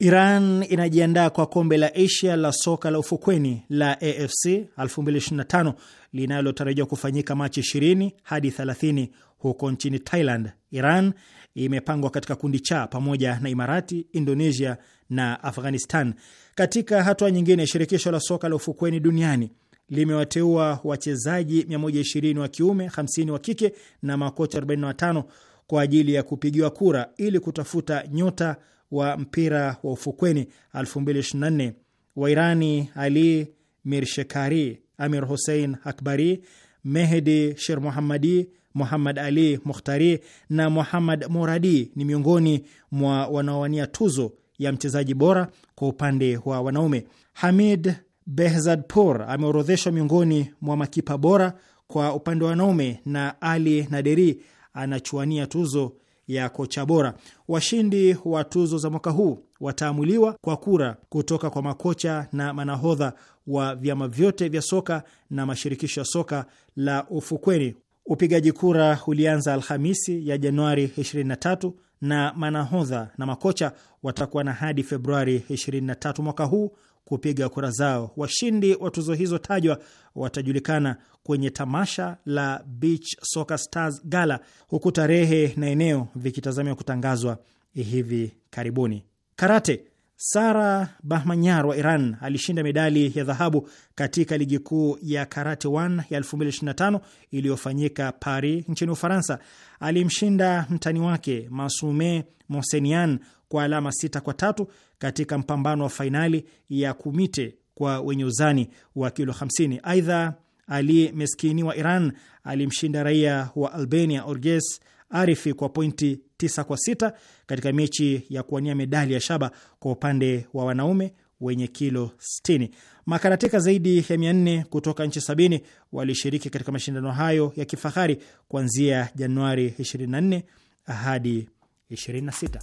Iran inajiandaa kwa kombe la Asia la soka la ufukweni la AFC 2025 linalotarajiwa kufanyika Machi 20 hadi 30 huko nchini Thailand. Iran imepangwa katika kundi cha pamoja na Imarati, Indonesia na Afghanistan. Katika hatua nyingine, shirikisho la soka la ufukweni duniani limewateua wachezaji 120 wa kiume, 50 wa kike na makocha 45 kwa ajili ya kupigiwa kura ili kutafuta nyota wa mpira wa ufukweni 2024 Wairani Ali Mirshekari, Amir Hussein Akbari, Mehdi Sher Muhammadi, Muhammad Ali Mukhtari na Muhammad Moradi ni miongoni mwa wanaowania tuzo ya mchezaji bora kwa upande wa wanaume. Hamid Behzadpour ameorodheshwa miongoni mwa makipa bora kwa upande wa wanaume na Ali Naderi anachuania tuzo ya kocha bora. Washindi wa tuzo za mwaka huu wataamuliwa kwa kura kutoka kwa makocha na manahodha wa vyama vyote vya soka na mashirikisho ya soka la ufukweni. Upigaji kura ulianza Alhamisi ya Januari 23 na manahodha na makocha watakuwa na hadi Februari 23 mwaka huu kupiga kura zao. Washindi wa tuzo hizo tajwa watajulikana kwenye tamasha la Beach Soccer Stars Gala, huku tarehe na eneo vikitazamiwa kutangazwa hivi karibuni. Karate. Sara Bahmanyar wa Iran alishinda medali ya dhahabu katika ligi kuu ya Karate 1 ya 2025 iliyofanyika Paris nchini Ufaransa. Alimshinda mtani wake Masume Mosenian kwa alama sita kwa tatu katika mpambano wa fainali ya kumite kwa wenye uzani wa kilo 50. Aidha, Ali Meskini wa Iran alimshinda raia wa Albania Orges Arifi kwa pointi 9 kwa st katika mechi ya kuwania medali ya shaba kwa upande wa wanaume wenye kilo 60. Makaratika zaidi ya 400 kutoka nchi sabini walishiriki katika mashindano hayo ya kifahari kuanzia Januari 24 hadi 26.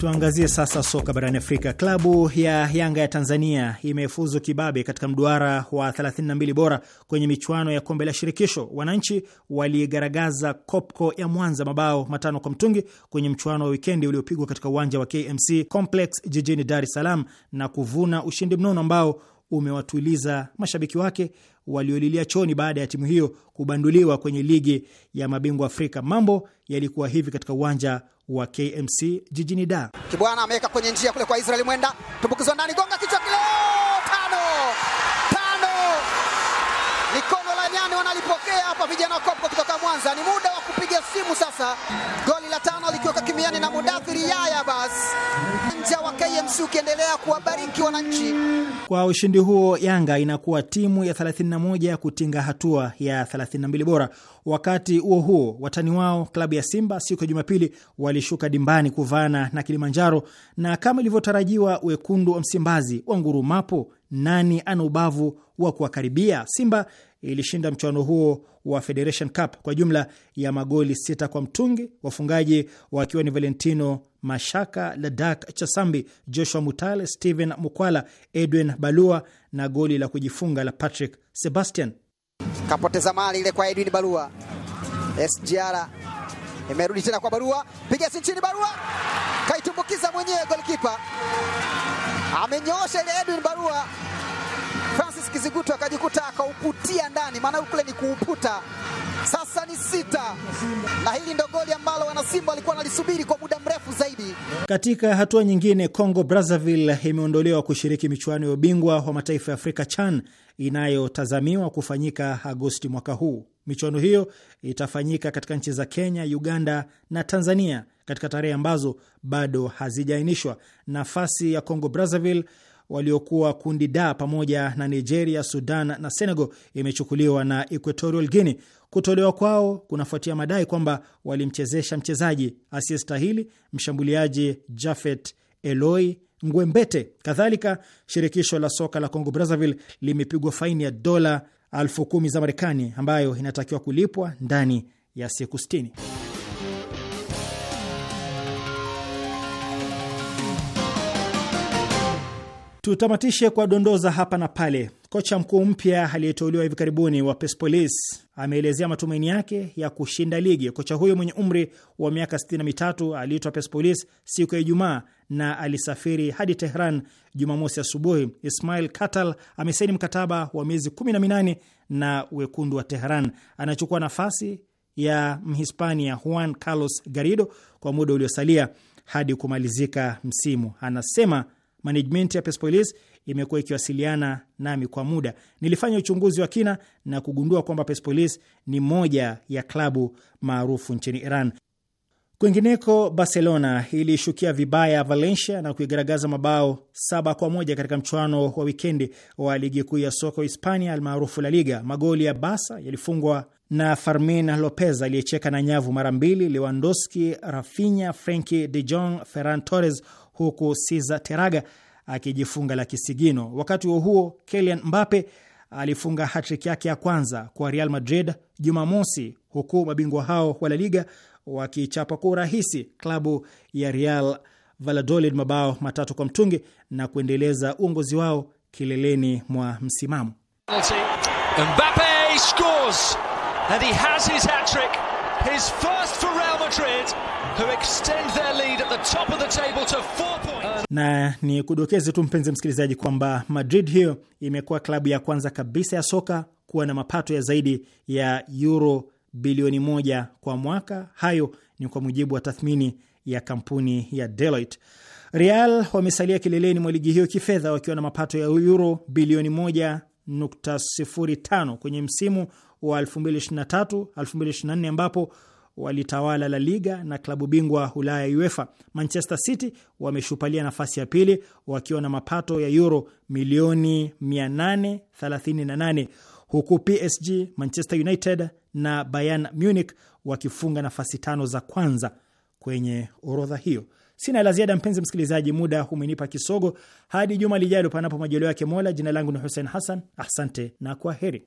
Tuangazie sasa soka barani Afrika. Klabu ya Yanga ya Tanzania imefuzu kibabe katika mduara wa 32 bora kwenye michuano ya kombe la shirikisho. Wananchi waligaragaza Kopko ya Mwanza mabao matano kwa mtungi kwenye mchuano wa wikendi uliopigwa katika uwanja wa KMC Complex jijini Dar es Salaam na kuvuna ushindi mnono ambao umewatuliza mashabiki wake waliolilia choni baada ya timu hiyo kubanduliwa kwenye ligi ya mabingwa Afrika. Mambo yalikuwa hivi katika uwanja wa KMC jijini Dar. Kibwana ameweka kwenye njia kule kwa Israel Mwenda, tumbukizwa ndani, gonga kichwa kile, tano tano, mikono la nyani wanalipokea hapa vijana wa kopo kutoka Mwanza. Ni muda wa kupiga simu sasa, goli la Paul likiweka kimiani na Mudathiri Yaya. Basi nja wa KMC ukiendelea kuwabariki wananchi. Kwa ushindi huo, Yanga inakuwa timu ya 31 ya kutinga hatua ya 32 bora. Wakati huo huo, watani wao klabu ya Simba siku ya Jumapili walishuka dimbani kuvaana na Kilimanjaro, na kama ilivyotarajiwa, wekundu wa Msimbazi wangurumapo nani ana ubavu wa kuwakaribia. Simba ilishinda mchuano huo wa Federation Cup kwa jumla ya magoli sita kwa mtungi, wafungaji wakiwa ni Valentino Mashaka, Ladak Chasambi, Joshua Mutale, Steven Mukwala, Edwin Balua na goli la kujifunga la Patrick Sebastian. Kapoteza mali ile kwa Edwin Balua. SGR imerudi tena kwa Barua, piga si chini. Barua kaitumbukiza mwenyewe, golikipa amenyoosha ile. Edwin Barua Francis Kizigutu akajikuta akauputia ndani, maana kule ni kuuputa. Sasa ni sita, na hili ndo goli ambalo wanasimba walikuwa wanalisubiri kwa muda mrefu zaidi. Katika hatua nyingine, Congo Brazzaville imeondolewa kushiriki michuano ya ubingwa wa mataifa ya Afrika CHAN inayotazamiwa kufanyika Agosti mwaka huu. Michuano hiyo itafanyika katika nchi za Kenya, Uganda na Tanzania katika tarehe ambazo bado hazijaainishwa. Nafasi ya Congo Brazzaville waliokuwa kundi da pamoja na Nigeria, Sudan na Senegal imechukuliwa na Equatorial Guinea. Kutolewa kwao kunafuatia madai kwamba walimchezesha mchezaji asiyestahili mshambuliaji Jafet Eloi Ngwembete. Kadhalika, shirikisho la soka la Congo Brazzaville limepigwa faini ya dola elfu kumi za Marekani ambayo inatakiwa kulipwa ndani ya siku sitini. Tutamatishe kwa dondoza hapa na pale. Kocha mkuu mpya aliyeteuliwa hivi karibuni wa Persepolis ameelezea matumaini yake ya kushinda ligi. Kocha huyo mwenye umri wa miaka 63 aliitwa Persepolis siku ya Ijumaa na alisafiri hadi Tehran Jumamosi asubuhi. Ismail Katal amesaini mkataba wa miezi 18 na wekundu wa Tehran. Anachukua nafasi ya Mhispania Juan Carlos Garrido kwa muda uliosalia hadi kumalizika msimu. Anasema Management ya Persepolis imekuwa ikiwasiliana nami kwa muda. Nilifanya uchunguzi wa kina na kugundua kwamba Persepolis ni moja ya klabu maarufu nchini Iran. Kwingineko, Barcelona ilishukia vibaya Valencia na kuigaragaza mabao saba kwa moja katika mchuano wa wikendi wa ligi kuu ya soka Hispania almaarufu La Liga. Magoli ya Basa yalifungwa na Fermin Lopez aliyecheka na nyavu mara mbili, Lewandowski, Rafinha, Frenkie de Jong, Ferran Torres huku Siza Teraga akijifunga la kisigino. Wakati huo huo, Kylian Mbappe alifunga hatrik yake ya kwanza kwa Real Madrid Jumamosi, huku mabingwa hao wa La Liga wakichapa kwa urahisi klabu ya Real Valladolid mabao matatu kwa mtungi na kuendeleza uongozi wao kileleni mwa msimamo. Mbappe scores and he has his hat-trick, his first for Real Madrid. Na ni kudokeze tu mpenzi msikilizaji, kwamba Madrid hiyo imekuwa klabu ya kwanza kabisa ya soka kuwa na mapato ya zaidi ya euro bilioni moja kwa mwaka. Hayo ni kwa mujibu wa tathmini ya kampuni ya Deloitte. Real wamesalia kileleni mwa ligi hiyo kifedha wakiwa na mapato ya euro bilioni tano kwenye msimu wa 2023/2024 ambapo walitawala La Liga na klabu bingwa Ulaya UEFA. Manchester City wameshupalia nafasi ya pili wakiwa na mapato ya euro milioni 838 huku PSG, Manchester United na Bayern Munich wakifunga nafasi tano za kwanza kwenye orodha hiyo. Sina la ziada, mpenzi msikilizaji, muda umenipa kisogo. Hadi juma lijalo, panapo majaliwa yake Mola. Jina langu ni Hussein Hassan, asante na kwa heri.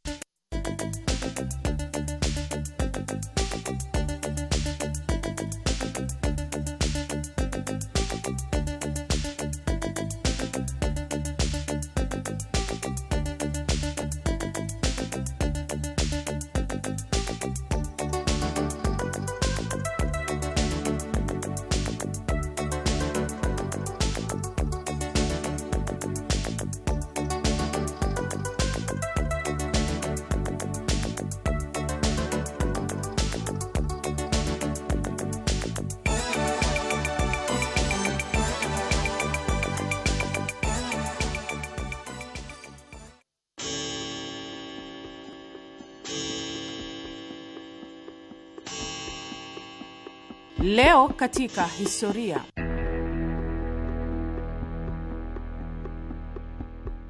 Leo katika historia.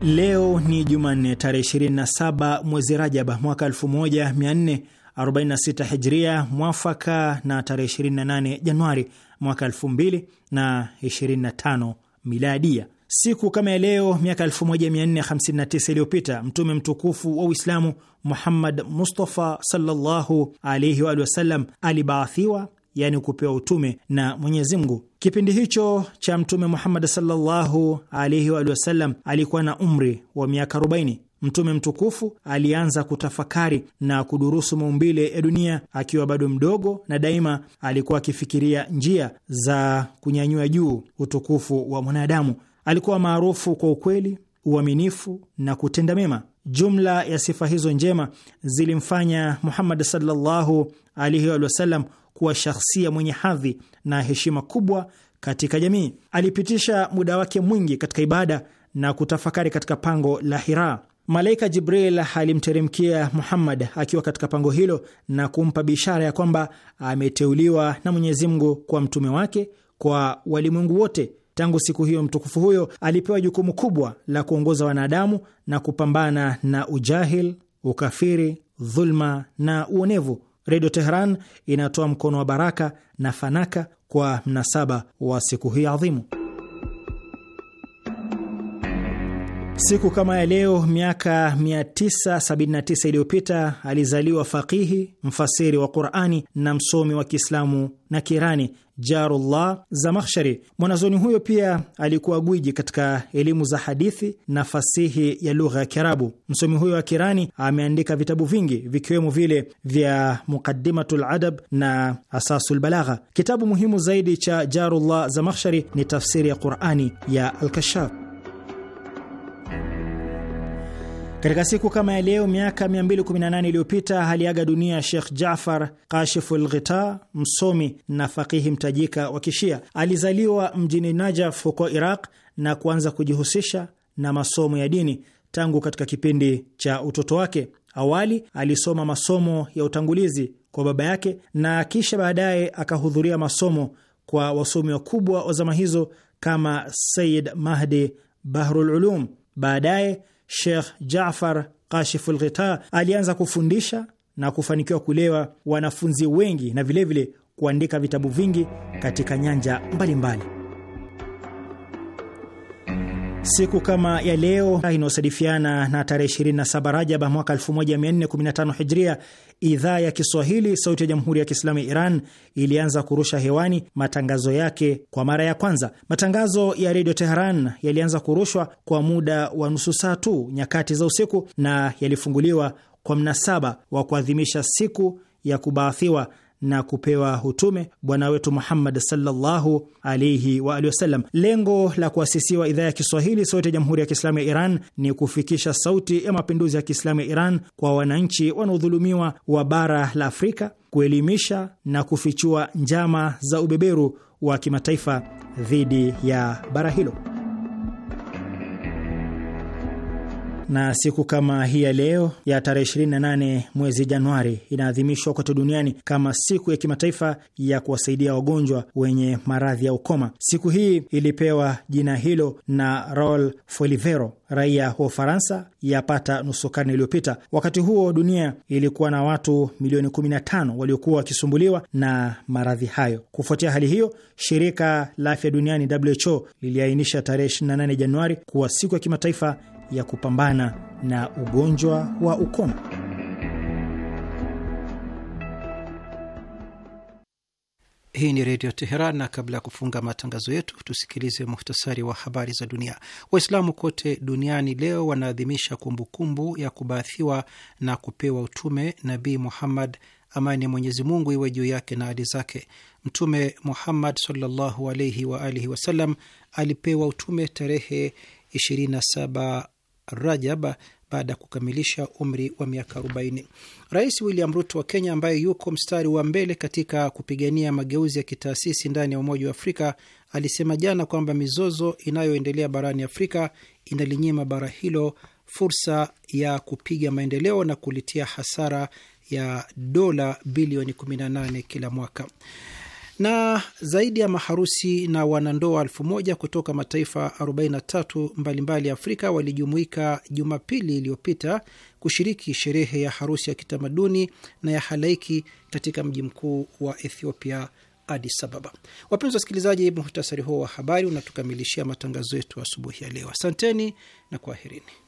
Leo ni Jumanne tarehe 27 mwezi Rajaba mwaka 1446 Hijria, mwafaka na tarehe 28 Januari mwaka 2025 Miladia. Siku kama ya leo miaka 1459 iliyopita mtume mtukufu wa Uislamu Muhammad Mustafa sallallahu alaihi wa alibaathiwa yani kupewa utume na Mwenyezi Mungu. Kipindi hicho cha Mtume Muhammad sallallahu alaihi wa sallam alikuwa na umri wa miaka 40. Mtume mtukufu alianza kutafakari na kudurusu maumbile ya dunia akiwa bado mdogo, na daima alikuwa akifikiria njia za kunyanyua juu utukufu wa mwanadamu. Alikuwa maarufu kwa ukweli, uaminifu na kutenda mema. Jumla ya sifa hizo njema zilimfanya Muhammad sallallahu alaihi wasallam kuwa shahsia mwenye hadhi na heshima kubwa katika jamii. Alipitisha muda wake mwingi katika ibada na kutafakari katika pango la Hira. Malaika Jibril alimteremkia Muhammad akiwa katika pango hilo na kumpa bishara ya kwamba ameteuliwa na Mwenyezi Mungu kwa mtume wake kwa walimwengu wote. Tangu siku hiyo mtukufu huyo alipewa jukumu kubwa la kuongoza wanadamu na kupambana na ujahil, ukafiri, dhulma na uonevu. Redio Teheran inatoa mkono wa baraka na fanaka kwa mnasaba wa siku hii adhimu. Siku kama ya leo miaka 979 iliyopita alizaliwa faqihi, mfasiri wa Qurani na msomi wa Kiislamu na Kirani Jarullah Zamakhshari. Mwanazoni huyo pia alikuwa gwiji katika elimu za hadithi na fasihi ya lugha ya Kiarabu. Msomi huyo wa Kirani ameandika vitabu vingi vikiwemo vile vya muqadimatu ladab na Asasu Lbalagha. Kitabu muhimu zaidi cha Jarullah Zamakhshari ni tafsiri ya Qurani ya Alkashaf. Katika siku kama ya leo miaka 218 iliyopita aliaga dunia Sheikh Jafar Kashiful Ghita, msomi na fakihi mtajika wa Kishia. Alizaliwa mjini Najaf huko Iraq na kuanza kujihusisha na masomo ya dini tangu katika kipindi cha utoto wake. Awali alisoma masomo ya utangulizi kwa baba yake na kisha baadaye akahudhuria masomo kwa wasomi wakubwa wa zama hizo kama sayid Mahdi Bahrul Ulum. Baadaye Sheikh Jafar Kashiful Ghita alianza kufundisha na kufanikiwa kulewa wanafunzi wengi na vilevile vile kuandika vitabu vingi katika nyanja mbalimbali mbali. Siku kama ya leo inayosadifiana na tarehe 27 Rajab mwaka 1415 Hijria idhaa ya Kiswahili sauti ya Jamhuri ya Kiislamu ya Iran ilianza kurusha hewani matangazo yake kwa mara ya kwanza. Matangazo ya Redio Teheran yalianza kurushwa kwa muda wa nusu saa tu nyakati za usiku na yalifunguliwa kwa mnasaba wa kuadhimisha siku ya kubaathiwa na kupewa utume bwana wetu Muhammad sallallahu alaihi wa alihi wasallam. Lengo la kuasisiwa idhaa ya Kiswahili Sauti ya Jamhuri ya Kiislamu ya Iran ni kufikisha sauti ya mapinduzi ya Kiislamu ya Iran kwa wananchi wanaodhulumiwa wa bara la Afrika, kuelimisha na kufichua njama za ubeberu wa kimataifa dhidi ya bara hilo. na siku kama hii ya leo ya tarehe 28 mwezi Januari inaadhimishwa kote duniani kama siku ya kimataifa ya kuwasaidia wagonjwa wenye maradhi ya ukoma. Siku hii ilipewa jina hilo na rol Folivero, raia wa Ufaransa yapata nusu karne iliyopita. Wakati huo dunia ilikuwa na watu milioni 15 waliokuwa wakisumbuliwa na maradhi hayo. Kufuatia hali hiyo, shirika la afya duniani WHO liliainisha tarehe 28 Januari kuwa siku ya kimataifa ya kupambana na ugonjwa wa ukoma. Hii ni Redio Teheran, na kabla ya kufunga matangazo yetu tusikilize muhtasari wa habari za dunia. Waislamu kote duniani leo wanaadhimisha kumbukumbu ya kubaathiwa na kupewa utume Nabii Muhammad, amani ya Mwenyezi Mungu iwe juu yake na hali zake. Mtume Muhammad sallallahu alaihi wa alihi wasallam alipewa utume tarehe 27 Rajab baada ya kukamilisha umri wa miaka 40. Rais William Ruto wa Kenya, ambaye yuko mstari wa mbele katika kupigania mageuzi ya kitaasisi ndani ya Umoja wa Afrika, alisema jana kwamba mizozo inayoendelea barani Afrika inalinyima bara hilo fursa ya kupiga maendeleo na kulitia hasara ya dola bilioni 18 kila mwaka na zaidi ya maharusi na wanandoa elfu moja kutoka mataifa 43 mbalimbali ya Afrika walijumuika Jumapili iliyopita kushiriki sherehe ya harusi ya kitamaduni na ya halaiki katika mji mkuu wa Ethiopia, Addis Ababa. Wapenzi wasikilizaji, muhtasari huo wa habari unatukamilishia matangazo yetu asubuhi ya leo. Asanteni na kwaherini.